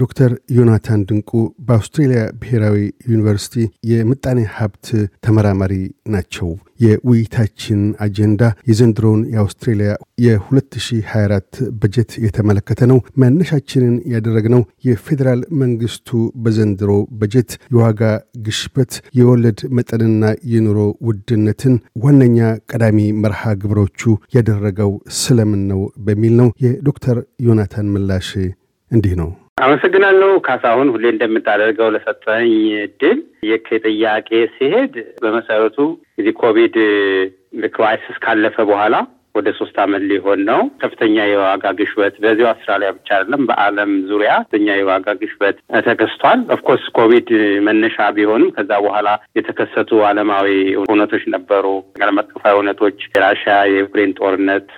ዶክተር ዮናታን ድንቁ በአውስትሬልያ ብሔራዊ ዩኒቨርሲቲ የምጣኔ ሀብት ተመራማሪ ናቸው። የውይይታችን አጀንዳ የዘንድሮውን የአውስትሬልያ የ2024 በጀት የተመለከተ ነው። መነሻችንን ያደረግነው የፌዴራል መንግስቱ በዘንድሮ በጀት የዋጋ ግሽበት፣ የወለድ መጠንና የኑሮ ውድነትን ዋነኛ ቀዳሚ መርሃ ግብሮቹ ያደረገው ስለምን ነው በሚል ነው። የዶክተር ዮናታን ምላሽ እንዲህ ነው። አመሰግናለሁ ካሳሁን፣ ሁሌ እንደምታደርገው ለሰጠኝ እድል። የክ ጥያቄ ሲሄድ በመሰረቱ እዚህ ኮቪድ ክራይሲስ ካለፈ በኋላ ወደ ሶስት አመት ሊሆን ነው። ከፍተኛ የዋጋ ግሽበት በዚሁ አውስትራሊያ ብቻ አይደለም፣ በዓለም ዙሪያ ከፍተኛ የዋጋ ግሽበት ተከስቷል። ኦፍኮርስ ኮቪድ መነሻ ቢሆንም ከዛ በኋላ የተከሰቱ ዓለማዊ እውነቶች ነበሩ፣ ዓለም አቀፋዊ እውነቶች፣ የራሽያ የዩክሬን ጦርነት፣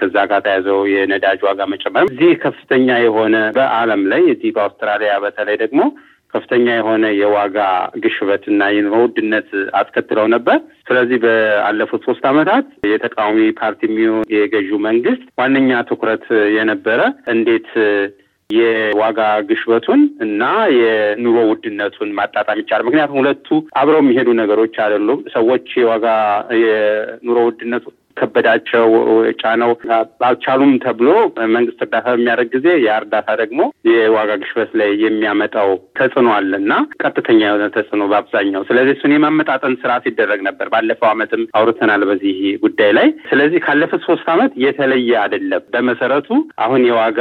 ከዛ ጋር ተያዘው የነዳጅ ዋጋ መጨመር እዚህ ከፍተኛ የሆነ በዓለም ላይ እዚህ በአውስትራሊያ በተለይ ደግሞ ከፍተኛ የሆነ የዋጋ ግሽበትና የኑሮ ውድነት አስከትለው ነበር። ስለዚህ በአለፉት ሶስት ዓመታት የተቃዋሚ ፓርቲ የሚሆን የገዢው መንግስት ዋነኛ ትኩረት የነበረ እንዴት የዋጋ ግሽበቱን እና የኑሮ ውድነቱን ማጣጣም ይቻላል። ምክንያቱም ሁለቱ አብረው የሚሄዱ ነገሮች አይደሉም። ሰዎች የዋጋ የኑሮ ውድነቱ ከበዳቸው ጫነው አልቻሉም ተብሎ መንግስት እርዳታ በሚያደርግ ጊዜ ያ እርዳታ ደግሞ የዋጋ ግሽበት ላይ የሚያመጣው ተጽዕኖ አለ እና ቀጥተኛ የሆነ ተጽዕኖ በአብዛኛው ስለዚህ እሱን የማመጣጠን ስራ ሲደረግ ነበር። ባለፈው ዓመትም አውርተናል በዚህ ጉዳይ ላይ። ስለዚህ ካለፉት ሶስት አመት የተለየ አይደለም። በመሰረቱ አሁን የዋጋ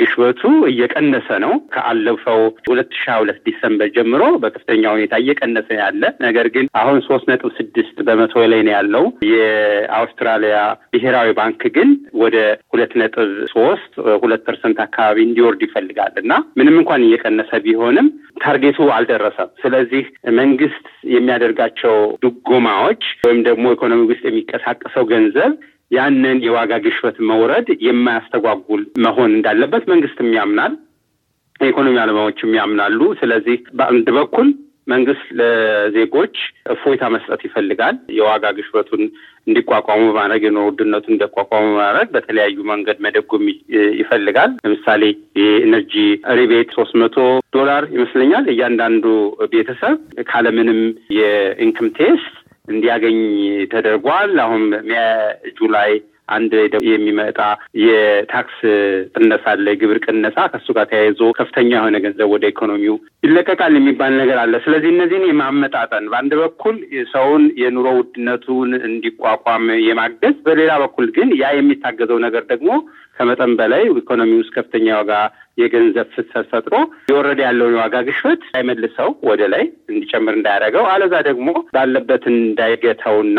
ግሽበቱ እየቀነሰ ነው። ከአለፈው ሁለት ሺ ሁለት ዲሰምበር ጀምሮ በከፍተኛ ሁኔታ እየቀነሰ ያለ ነገር ግን አሁን ሶስት ነጥብ ስድስት በመቶ ላይ ነው ያለው። የአውስትራሊያ ብሔራዊ ባንክ ግን ወደ ሁለት ነጥብ ሶስት ሁለት ፐርሰንት አካባቢ እንዲወርድ ይፈልጋል እና ምንም እንኳን እየቀነሰ ቢሆንም ታርጌቱ አልደረሰም። ስለዚህ መንግስት የሚያደርጋቸው ድጎማዎች ወይም ደግሞ ኢኮኖሚ ውስጥ የሚቀሳቀሰው ገንዘብ ያንን የዋጋ ግሽበት መውረድ የማያስተጓጉል መሆን እንዳለበት መንግስትም ያምናል፣ የኢኮኖሚ አለማዎችም ያምናሉ። ስለዚህ በአንድ በኩል መንግስት ለዜጎች እፎይታ መስጠት ይፈልጋል። የዋጋ ግሽበቱን እንዲቋቋሙ በማድረግ የኑሮ ውድነቱን እንዲቋቋሙ በማድረግ በተለያዩ መንገድ መደጎም ይፈልጋል። ለምሳሌ የኤነርጂ ሪቤት ሶስት መቶ ዶላር ይመስለኛል እያንዳንዱ ቤተሰብ ካለምንም የኢንክም ቴስት እንዲያገኝ ተደርጓል። አሁን ጁላይ አንድ የሚመጣ የታክስ ቅነሳ አለ፣ የግብር ቅነሳ። ከሱ ጋር ተያይዞ ከፍተኛ የሆነ ገንዘብ ወደ ኢኮኖሚው ይለቀቃል የሚባል ነገር አለ። ስለዚህ እነዚህን የማመጣጠን በአንድ በኩል ሰውን የኑሮ ውድነቱን እንዲቋቋም የማገዝ፣ በሌላ በኩል ግን ያ የሚታገዘው ነገር ደግሞ ከመጠን በላይ ኢኮኖሚ ውስጥ ከፍተኛ ዋጋ የገንዘብ ፍሰት ፈጥሮ የወረደ ያለውን የዋጋ ግሽበት አይመልሰው ወደ ላይ እንዲጨምር እንዳያደረገው አለዛ ደግሞ ባለበት እንዳይገታውና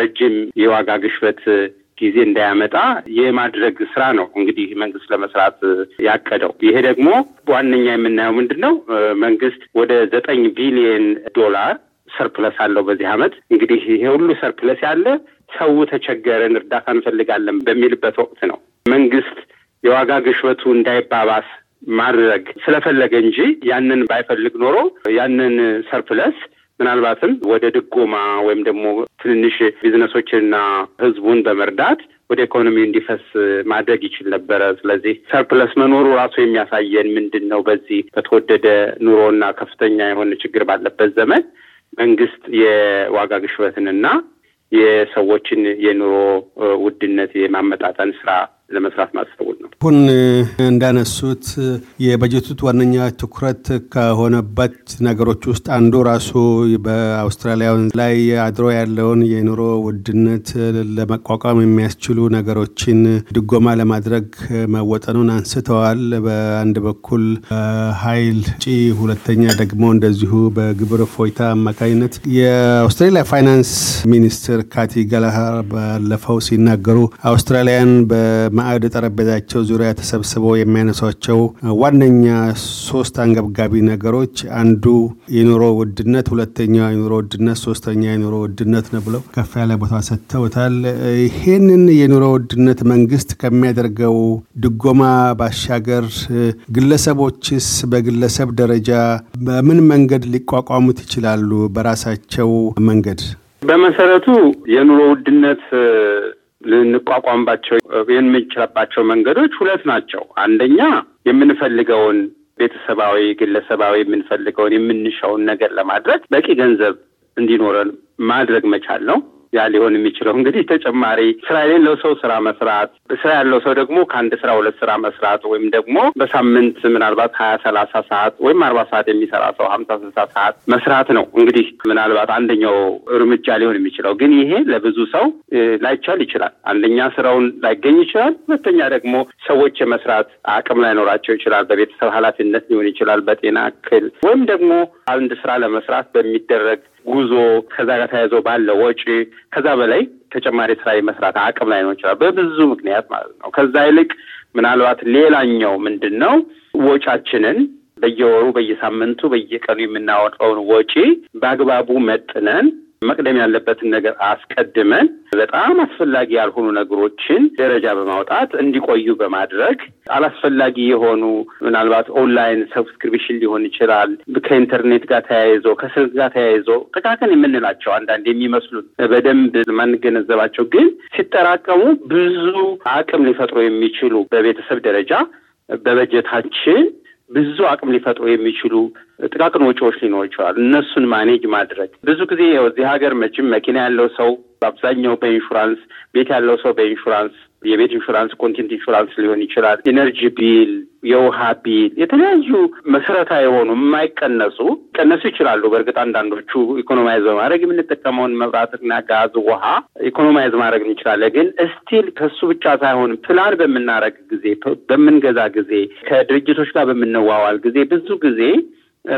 ረጅም የዋጋ ግሽበት ጊዜ እንዳያመጣ የማድረግ ስራ ነው እንግዲህ መንግስት ለመስራት ያቀደው። ይሄ ደግሞ ዋነኛ የምናየው ምንድን ነው? መንግስት ወደ ዘጠኝ ቢሊየን ዶላር ሰርፕለስ አለው በዚህ አመት። እንግዲህ ይሄ ሁሉ ሰርፕለስ ያለ ሰው ተቸገረን እርዳታ እንፈልጋለን በሚልበት ወቅት ነው። መንግስት የዋጋ ግሽበቱ እንዳይባባስ ማድረግ ስለፈለገ እንጂ ያንን ባይፈልግ ኖሮ ያንን ሰርፕለስ ምናልባትም ወደ ድጎማ ወይም ደግሞ ትንንሽ ቢዝነሶችንና ህዝቡን በመርዳት ወደ ኢኮኖሚ እንዲፈስ ማድረግ ይችል ነበረ። ስለዚህ ሰርፕለስ መኖሩ ራሱ የሚያሳየን ምንድን ነው? በዚህ በተወደደ ኑሮና ከፍተኛ የሆነ ችግር ባለበት ዘመን መንግስት የዋጋ ግሽበትንና የሰዎችን የኑሮ ውድነት የማመጣጠን ስራ ለመስራት ማስታወቅ ነው። ሁን እንዳነሱት የበጀቱት ዋነኛ ትኩረት ከሆነበት ነገሮች ውስጥ አንዱ ራሱ በአውስትራሊያውን ላይ አድሮ ያለውን የኑሮ ውድነት ለመቋቋም የሚያስችሉ ነገሮችን ድጎማ ለማድረግ መወጠኑን አንስተዋል። በአንድ በኩል ኃይል ጪ፣ ሁለተኛ ደግሞ እንደዚሁ በግብር ፎይታ አማካኝነት የአውስትራሊያ ፋይናንስ ሚኒስትር ካቲ ገላሃር ባለፈው ሲናገሩ አውስትራሊያን በ በማዕድ ጠረጴዛቸው ዙሪያ ተሰብስበው የሚያነሷቸው ዋነኛ ሶስት አንገብጋቢ ነገሮች አንዱ የኑሮ ውድነት፣ ሁለተኛው የኑሮ ውድነት፣ ሶስተኛ የኑሮ ውድነት ነው ብለው ከፍ ያለ ቦታ ሰጥተውታል። ይሄንን የኑሮ ውድነት መንግስት ከሚያደርገው ድጎማ ባሻገር ግለሰቦችስ በግለሰብ ደረጃ በምን መንገድ ሊቋቋሙት ይችላሉ? በራሳቸው መንገድ በመሰረቱ የኑሮ ውድነት ልንቋቋምባቸው የምንችልባቸው መንገዶች ሁለት ናቸው። አንደኛ የምንፈልገውን ቤተሰባዊ፣ ግለሰባዊ የምንፈልገውን የምንሻውን ነገር ለማድረግ በቂ ገንዘብ እንዲኖረን ማድረግ መቻል ነው። ያ ሊሆን የሚችለው እንግዲህ ተጨማሪ ስራ የሌለው ሰው ስራ መስራት፣ ስራ ያለው ሰው ደግሞ ከአንድ ስራ ሁለት ስራ መስራት ወይም ደግሞ በሳምንት ምናልባት ሀያ ሰላሳ ሰዓት ወይም አርባ ሰዓት የሚሰራ ሰው ሀምሳ ስልሳ ሰዓት መስራት ነው እንግዲህ ምናልባት አንደኛው እርምጃ ሊሆን የሚችለው ግን ይሄ ለብዙ ሰው ላይቻል ይችላል። አንደኛ ስራውን ላይገኝ ይችላል። ሁለተኛ ደግሞ ሰዎች የመስራት አቅም ላይኖራቸው ይችላል። በቤተሰብ ኃላፊነት ሊሆን ይችላል። በጤና እክል ወይም ደግሞ አንድ ስራ ለመስራት በሚደረግ ጉዞ፣ ከዛ ጋር ተያይዞ ባለው ወጪ፣ ከዛ በላይ ተጨማሪ ስራ የመስራት አቅም ላይ ነው ይችላል በብዙ ምክንያት ማለት ነው። ከዛ ይልቅ ምናልባት ሌላኛው ምንድን ነው ወጫችንን በየወሩ በየሳምንቱ፣ በየቀኑ የምናወጣውን ወጪ በአግባቡ መጥነን መቅደም ያለበትን ነገር አስቀድመን በጣም አስፈላጊ ያልሆኑ ነገሮችን ደረጃ በማውጣት እንዲቆዩ በማድረግ አላስፈላጊ የሆኑ ምናልባት ኦንላይን ሰብስክሪፕሽን ሊሆን ይችላል። ከኢንተርኔት ጋር ተያይዞ ከስልክ ጋር ተያይዞ ጥቃቅን የምንላቸው አንዳንድ የሚመስሉት በደንብ ማንገነዘባቸው ግን ሲጠራቀሙ ብዙ አቅም ሊፈጥሩ የሚችሉ በቤተሰብ ደረጃ በበጀታችን ብዙ አቅም ሊፈጥሩ የሚችሉ ጥቃቅን ወጪዎች ሊኖሩ ይችላል። እነሱን ማኔጅ ማድረግ ብዙ ጊዜ እዚህ ሀገር መቼም መኪና ያለው ሰው በአብዛኛው በኢንሹራንስ፣ ቤት ያለው ሰው በኢንሹራንስ የቤት ኢንሹራንስ፣ ኮንቴንት ኢንሹራንስ ሊሆን ይችላል፣ ኢነርጂ ቢል፣ የውሃ ቢል፣ የተለያዩ መሰረታዊ የሆኑ የማይቀነሱ ቀነሱ ይችላሉ። በእርግጥ አንዳንዶቹ ኢኮኖማይዝ በማድረግ የምንጠቀመውን መብራትና ጋዝ፣ ውሃ ኢኮኖማይዝ ማድረግ እንችላለን። ግን ስቲል ከሱ ብቻ ሳይሆን ፕላን በምናረግ ጊዜ፣ በምንገዛ ጊዜ፣ ከድርጅቶች ጋር በምንዋዋል ጊዜ ብዙ ጊዜ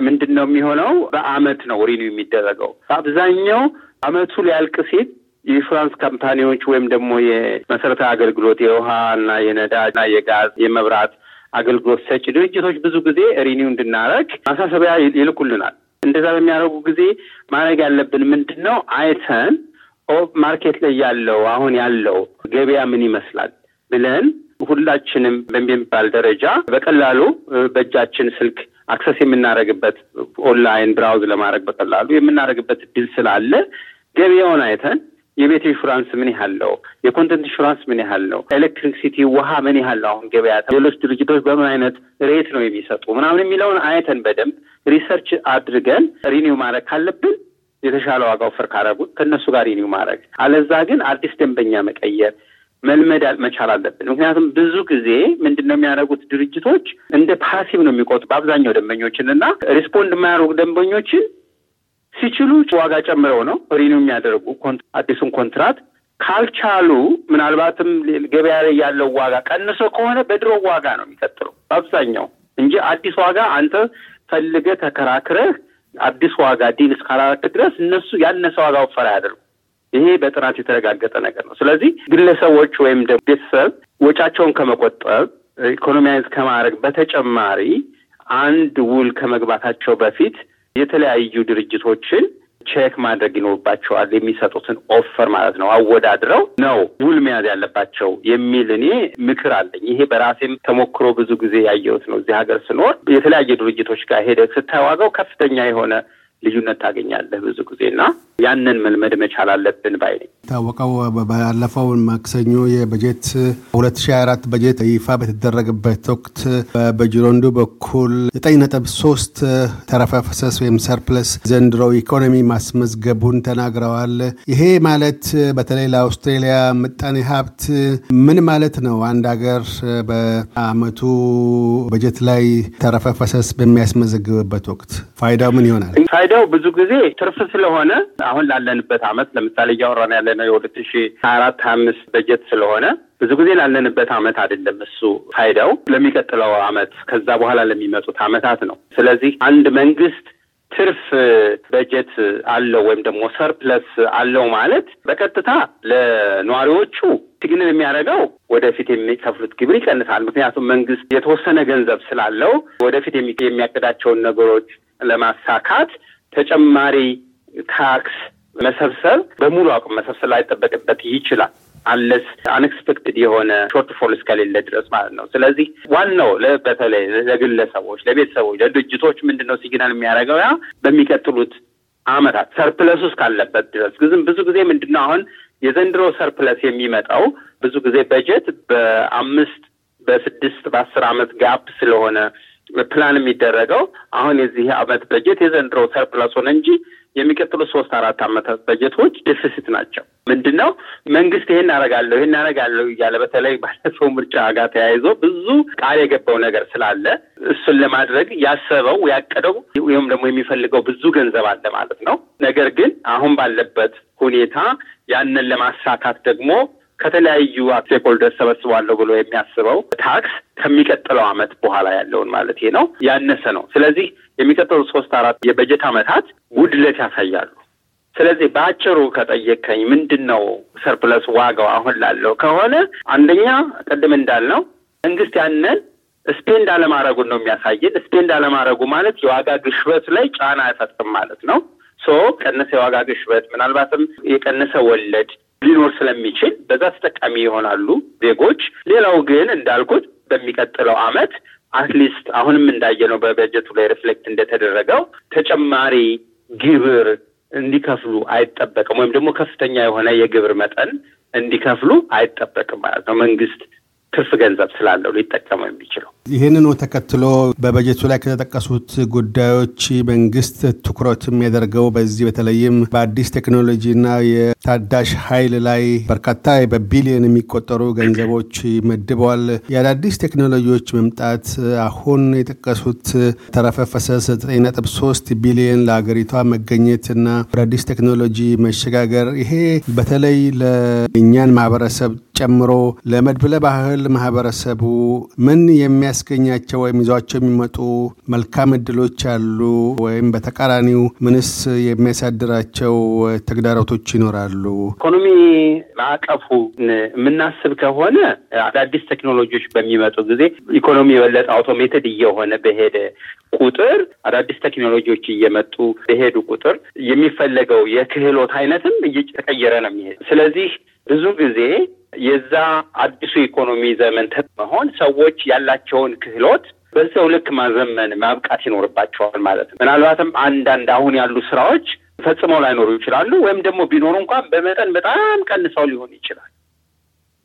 ምንድን ነው የሚሆነው? በአመት ነው ሪኒው የሚደረገው በአብዛኛው አመቱ ሊያልቅ ሲል የኢንሹራንስ ካምፓኒዎች ወይም ደግሞ የመሰረታዊ አገልግሎት የውሃ የነዳጅ እና የጋዝ የመብራት አገልግሎት ሰጪ ድርጅቶች ብዙ ጊዜ ሪኒው እንድናረግ ማሳሰቢያ ይልኩልናል። እንደዛ በሚያደርጉ ጊዜ ማድረግ ያለብን ምንድን ነው? አይተን ኦፍ ማርኬት ላይ ያለው አሁን ያለው ገበያ ምን ይመስላል ብለን ሁላችንም በሚባል ደረጃ በቀላሉ በእጃችን ስልክ አክሰስ የምናደርግበት ኦንላይን ብራውዝ ለማድረግ በቀላሉ የምናደርግበት እድል ስላለ ገበያውን አይተን የቤት ኢንሹራንስ ምን ያህል ነው? የኮንተንት ኢንሹራንስ ምን ያህል ነው? ኤሌክትሪክሲቲ፣ ውሃ ምን ያህል ነው? አሁን ገበያ ሌሎች ድርጅቶች በምን አይነት ሬት ነው የሚሰጡ ምናምን የሚለውን አይተን በደንብ ሪሰርች አድርገን ሪኒው ማድረግ ካለብን የተሻለ ዋጋ ወፈር ካረጉ ከእነሱ ጋር ሪኒው ማድረግ፣ አለዛ ግን አዲስ ደንበኛ መቀየር መልመድ መቻል አለብን። ምክንያቱም ብዙ ጊዜ ምንድን ነው የሚያደርጉት ድርጅቶች እንደ ፓሲቭ ነው የሚቆጡ በአብዛኛው ደንበኞችን እና ሪስፖንድ የማያደርጉ ደንበኞችን ሲችሉ ዋጋ ጨምረው ነው ሪኒው የሚያደርጉ አዲሱን ኮንትራት። ካልቻሉ ምናልባትም ገበያ ላይ ያለው ዋጋ ቀንሶ ከሆነ በድሮ ዋጋ ነው የሚቀጥለው በአብዛኛው እንጂ አዲስ ዋጋ አንተ ፈልገ ተከራክረህ አዲስ ዋጋ ዲል እስካላረክ ድረስ እነሱ ያነሰ ዋጋ ወፈራ ያደርጉ። ይሄ በጥናት የተረጋገጠ ነገር ነው። ስለዚህ ግለሰቦች ወይም ደግሞ ቤተሰብ ወጫቸውን ከመቆጠብ ኢኮኖሚያዊ ከማድረግ በተጨማሪ አንድ ውል ከመግባታቸው በፊት የተለያዩ ድርጅቶችን ቼክ ማድረግ ይኖርባቸዋል። የሚሰጡትን ኦፈር ማለት ነው አወዳድረው ነው ውል መያዝ ያለባቸው የሚል እኔ ምክር አለኝ። ይሄ በራሴም ተሞክሮ ብዙ ጊዜ ያየሁት ነው። እዚህ ሀገር ስኖር የተለያየ ድርጅቶች ጋር ሄደ ስታዋገው ከፍተኛ የሆነ ልዩነት ታገኛለህ ብዙ ጊዜና ያንን መልመድ መቻል አለብን ባይ ነኝ። ታወቀው ባለፈው ማክሰኞ የበጀት 2024 በጀት ይፋ በተደረገበት ወቅት በጅሮንዱ በኩል 9.3 ተረፈ ፈሰስ ወይም ሰርፕለስ ዘንድሮ ኢኮኖሚ ማስመዝገቡን ተናግረዋል። ይሄ ማለት በተለይ ለአውስትሬሊያ ምጣኔ ሀብት ምን ማለት ነው? አንድ ሀገር በአመቱ በጀት ላይ ተረፈ ፈሰስ በሚያስመዘግብበት ወቅት ፋይዳው ምን ይሆናል? ፋይዳው ብዙ ጊዜ ትርፍ ስለሆነ አሁን ላለንበት አመት ለምሳሌ እያወራን ያለነው የሁለት ሺ ሀያ አራት ሀያ አምስት በጀት ስለሆነ ብዙ ጊዜ ላለንበት አመት አይደለም እሱ ፋይዳው ለሚቀጥለው አመት ከዛ በኋላ ለሚመጡት አመታት ነው። ስለዚህ አንድ መንግስት ትርፍ በጀት አለው ወይም ደግሞ ሰርፕለስ አለው ማለት በቀጥታ ለነዋሪዎቹ ትግንን የሚያደርገው ወደፊት የሚከፍሉት ግብር ይቀንሳል። ምክንያቱም መንግስት የተወሰነ ገንዘብ ስላለው ወደፊት የሚያቅዳቸውን ነገሮች ለማሳካት ተጨማሪ ታክስ መሰብሰብ በሙሉ አቅም መሰብሰብ ላይጠበቅበት ይችላል። አለስ አንኤክስፔክትድ የሆነ ሾርት ፎል እስከሌለ ድረስ ማለት ነው። ስለዚህ ዋናው በተለይ ለግለሰቦች፣ ለቤተሰቦች፣ ለድርጅቶች ምንድን ነው ሲግናል የሚያደርገው ያ በሚቀጥሉት አመታት ሰርፕለስ እስካለበት ድረስ ግዝም ብዙ ጊዜ ምንድነው አሁን የዘንድሮ ሰርፕለስ የሚመጣው ብዙ ጊዜ በጀት በአምስት በስድስት በአስር አመት ጋፕ ስለሆነ ፕላን የሚደረገው አሁን የዚህ አመት በጀት የዘንድሮ ሰርፕላስ ሆነ እንጂ የሚቀጥሉ ሶስት አራት አመታት በጀቶች ዴፊሲት ናቸው። ምንድን ነው መንግስት ይሄን አረጋለሁ ይህን አረጋለሁ እያለ በተለይ ባለፈው ምርጫ ጋር ተያይዞ ብዙ ቃል የገባው ነገር ስላለ እሱን ለማድረግ ያሰበው ያቀደው ወይም ደግሞ የሚፈልገው ብዙ ገንዘብ አለ ማለት ነው። ነገር ግን አሁን ባለበት ሁኔታ ያንን ለማሳካት ደግሞ ከተለያዩ ስቴክሆልደር ሰበስባለሁ ብሎ የሚያስበው ታክስ ከሚቀጥለው አመት በኋላ ያለውን ማለት ነው ያነሰ ነው። ስለዚህ የሚቀጥሉ ሶስት አራት የበጀት አመታት ጉድለት ያሳያሉ። ስለዚህ በአጭሩ ከጠየቀኝ ምንድን ነው ሰርፕለስ ዋጋው አሁን ላለው ከሆነ አንደኛ ቅድም እንዳልነው መንግስት ያንን ስፔንድ አለማድረጉን ነው የሚያሳየን። ስፔንድ አለማድረጉ ማለት የዋጋ ግሽበት ላይ ጫና አይፈጥርም ማለት ነው። ሶ ቀነሰ የዋጋ ግሽበት ምናልባትም የቀነሰ ወለድ ሊኖር ስለሚችል በዛ ተጠቃሚ ይሆናሉ ዜጎች። ሌላው ግን እንዳልኩት በሚቀጥለው አመት አትሊስት አሁንም እንዳየነው በበጀቱ ላይ ሪፍሌክት እንደተደረገው ተጨማሪ ግብር እንዲከፍሉ አይጠበቅም ወይም ደግሞ ከፍተኛ የሆነ የግብር መጠን እንዲከፍሉ አይጠበቅም ማለት ነው። መንግስት ትርፍ ገንዘብ ስላለው ሊጠቀመው የሚችለው። ይህንኑ ተከትሎ በበጀቱ ላይ ከተጠቀሱት ጉዳዮች መንግስት ትኩረት የሚያደርገው በዚህ በተለይም በአዲስ ቴክኖሎጂና የታዳሽ ኃይል ላይ በርካታ በቢሊዮን የሚቆጠሩ ገንዘቦች መድበዋል። የአዳዲስ ቴክኖሎጂዎች መምጣት አሁን የጠቀሱት ተረፈ ፈሰስ 9.3 ቢሊዮን ለሀገሪቷ መገኘት አዳዲስ ቴክኖሎጂ መሸጋገር ይሄ በተለይ ለእኛን ማህበረሰብ ጨምሮ ለመድብለ ባህል ማህበረሰቡ ምን የሚያስገኛቸው ወይም ይዟቸው የሚመጡ መልካም እድሎች አሉ ወይም በተቃራኒው ምንስ የሚያሳድራቸው ተግዳሮቶች ይኖራሉ? ኢኮኖሚ ማዕቀፉ የምናስብ ከሆነ አዳዲስ ቴክኖሎጂዎች በሚመጡ ጊዜ ኢኮኖሚ የበለጠ አውቶሜትድ እየሆነ በሄደ ቁጥር አዳዲስ ቴክኖሎጂዎች እየመጡ በሄዱ ቁጥር የሚፈለገው የክህሎት አይነትም እየተቀየረ ነው የሚሄድ። ስለዚህ ብዙ ጊዜ የዛ አዲሱ ኢኮኖሚ ዘመን መሆን ሰዎች ያላቸውን ክህሎት በዛው ልክ ማዘመን ማብቃት ይኖርባቸዋል ማለት ነው። ምናልባትም አንዳንድ አሁን ያሉ ስራዎች ፈጽመው ላይኖሩ ይችላሉ፣ ወይም ደግሞ ቢኖሩ እንኳን በመጠን በጣም ቀንሰው ሊሆን ይችላል።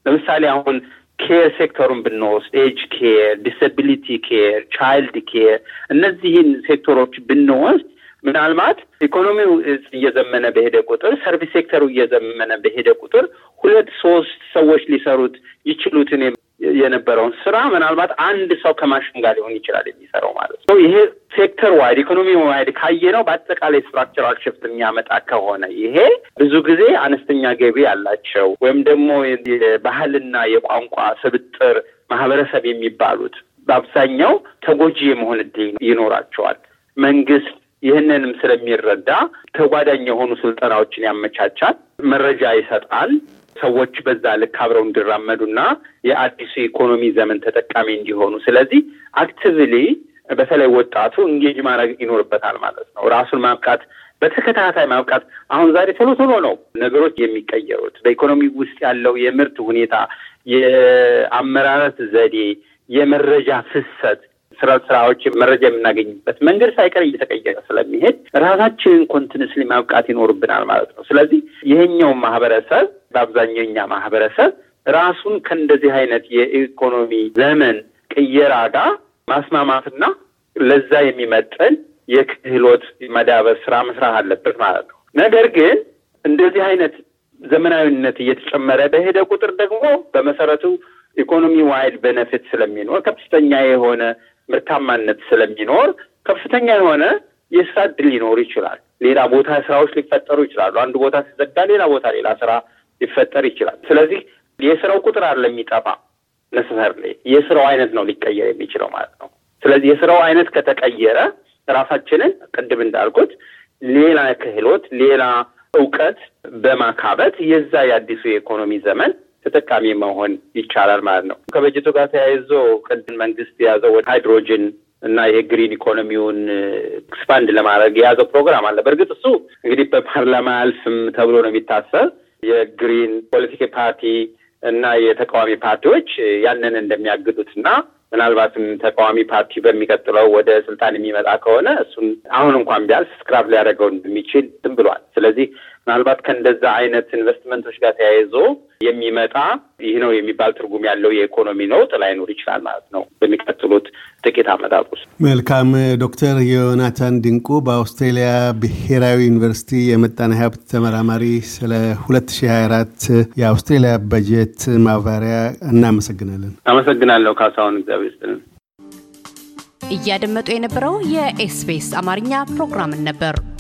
ለምሳሌ አሁን ኬር ሴክተሩን ብንወስድ ኤጅ ኬር፣ ዲስብሊቲ ኬር፣ ቻይልድ ኬር እነዚህን ሴክተሮች ብንወስድ ምናልባት ኢኮኖሚው እየዘመነ በሄደ ቁጥር ሰርቪስ ሴክተሩ እየዘመነ በሄደ ቁጥር ሁለት ሶስት ሰዎች ሊሰሩት ይችሉትን የነበረውን ስራ ምናልባት አንድ ሰው ከማሽን ጋር ሊሆን ይችላል የሚሰራው ማለት ነው። ይሄ ሴክተር ዋይድ ኢኮኖሚ ዋይድ ካየ ነው በአጠቃላይ ስትራክቸራል ሽፍት የሚያመጣ ከሆነ ይሄ ብዙ ጊዜ አነስተኛ ገቢ ያላቸው ወይም ደግሞ የባህልና የቋንቋ ስብጥር ማህበረሰብ የሚባሉት በአብዛኛው ተጎጂ የመሆን እድል ይኖራቸዋል። መንግስት ይህንንም ስለሚረዳ ተጓዳኝ የሆኑ ስልጠናዎችን ያመቻቻል፣ መረጃ ይሰጣል። ሰዎች በዛ ልክ አብረው እንዲራመዱና የአዲሱ ኢኮኖሚ ዘመን ተጠቃሚ እንዲሆኑ ስለዚህ አክቲቭሊ በተለይ ወጣቱ እንጌጅ ማድረግ ይኖርበታል ማለት ነው። ራሱን ማብቃት በተከታታይ ማብቃት። አሁን ዛሬ ቶሎ ቶሎ ነው ነገሮች የሚቀየሩት። በኢኮኖሚ ውስጥ ያለው የምርት ሁኔታ፣ የአመራረት ዘዴ፣ የመረጃ ፍሰት ስራ ስራዎች መረጃ የምናገኝበት መንገድ ሳይቀር እየተቀየረ ስለሚሄድ ራሳችንን ኮንቲንስሊ ማብቃት ይኖርብናል ማለት ነው። ስለዚህ ይሄኛው ማህበረሰብ በአብዛኛው ማህበረሰብ ራሱን ከእንደዚህ አይነት የኢኮኖሚ ዘመን ቅየራ ጋር ማስማማትና ለዛ የሚመጥን የክህሎት መዳበር ስራ መስራት አለበት ማለት ነው። ነገር ግን እንደዚህ አይነት ዘመናዊነት እየተጨመረ በሄደ ቁጥር ደግሞ በመሰረቱ ኢኮኖሚ ዋይድ ቤኔፊት ስለሚኖር ከፍተኛ የሆነ ምርታማነት ስለሚኖር ከፍተኛ የሆነ የስራ እድል ሊኖር ይችላል። ሌላ ቦታ ስራዎች ሊፈጠሩ ይችላሉ። አንድ ቦታ ሲዘጋ ሌላ ቦታ ሌላ ስራ ሊፈጠር ይችላል። ስለዚህ የስራው ቁጥር አለ የሚጠፋ ነሰሰር የስራው አይነት ነው ሊቀየር የሚችለው ማለት ነው። ስለዚህ የስራው አይነት ከተቀየረ ራሳችንን ቅድም እንዳልኩት ሌላ ክህሎት፣ ሌላ እውቀት በማካበት የዛ የአዲሱ የኢኮኖሚ ዘመን ተጠቃሚ መሆን ይቻላል ማለት ነው። ከበጀቱ ጋር ተያይዞ ቅድም መንግስት የያዘው ወደ ሃይድሮጅን እና ይሄ ግሪን ኢኮኖሚውን ኤክስፓንድ ለማድረግ የያዘው ፕሮግራም አለ። በእርግጥ እሱ እንግዲህ በፓርላማ አልፍም ተብሎ ነው የሚታሰብ የግሪን ፖለቲክ ፓርቲ እና የተቃዋሚ ፓርቲዎች ያንን እንደሚያግዱት እና ምናልባትም ተቃዋሚ ፓርቲ በሚቀጥለው ወደ ስልጣን የሚመጣ ከሆነ እሱን አሁን እንኳን ቢያልፍ ስክራፕ ሊያደርገው እንደሚችል ዝም ብሏል። ስለዚህ ምናልባት ከእንደዛ አይነት ኢንቨስትመንቶች ጋር ተያይዞ የሚመጣ ይህ ነው የሚባል ትርጉም ያለው የኢኮኖሚ ነውጥ ላይኖር ይችላል ማለት ነው በሚቀጥሉት ጥቂት ዓመታት ውስጥ። መልካም ዶክተር ዮናታን ድንቁ በአውስትሬሊያ ብሔራዊ ዩኒቨርሲቲ የመጣኔ ሀብት ተመራማሪ፣ ስለ 2024 የአውስትሬሊያ በጀት ማብራሪያ እናመሰግናለን። አመሰግናለሁ ካሳሁን፣ እግዚአብሔር ይስጥልን። እያደመጡ የነበረው የኤስቢኤስ አማርኛ ፕሮግራምን ነበር።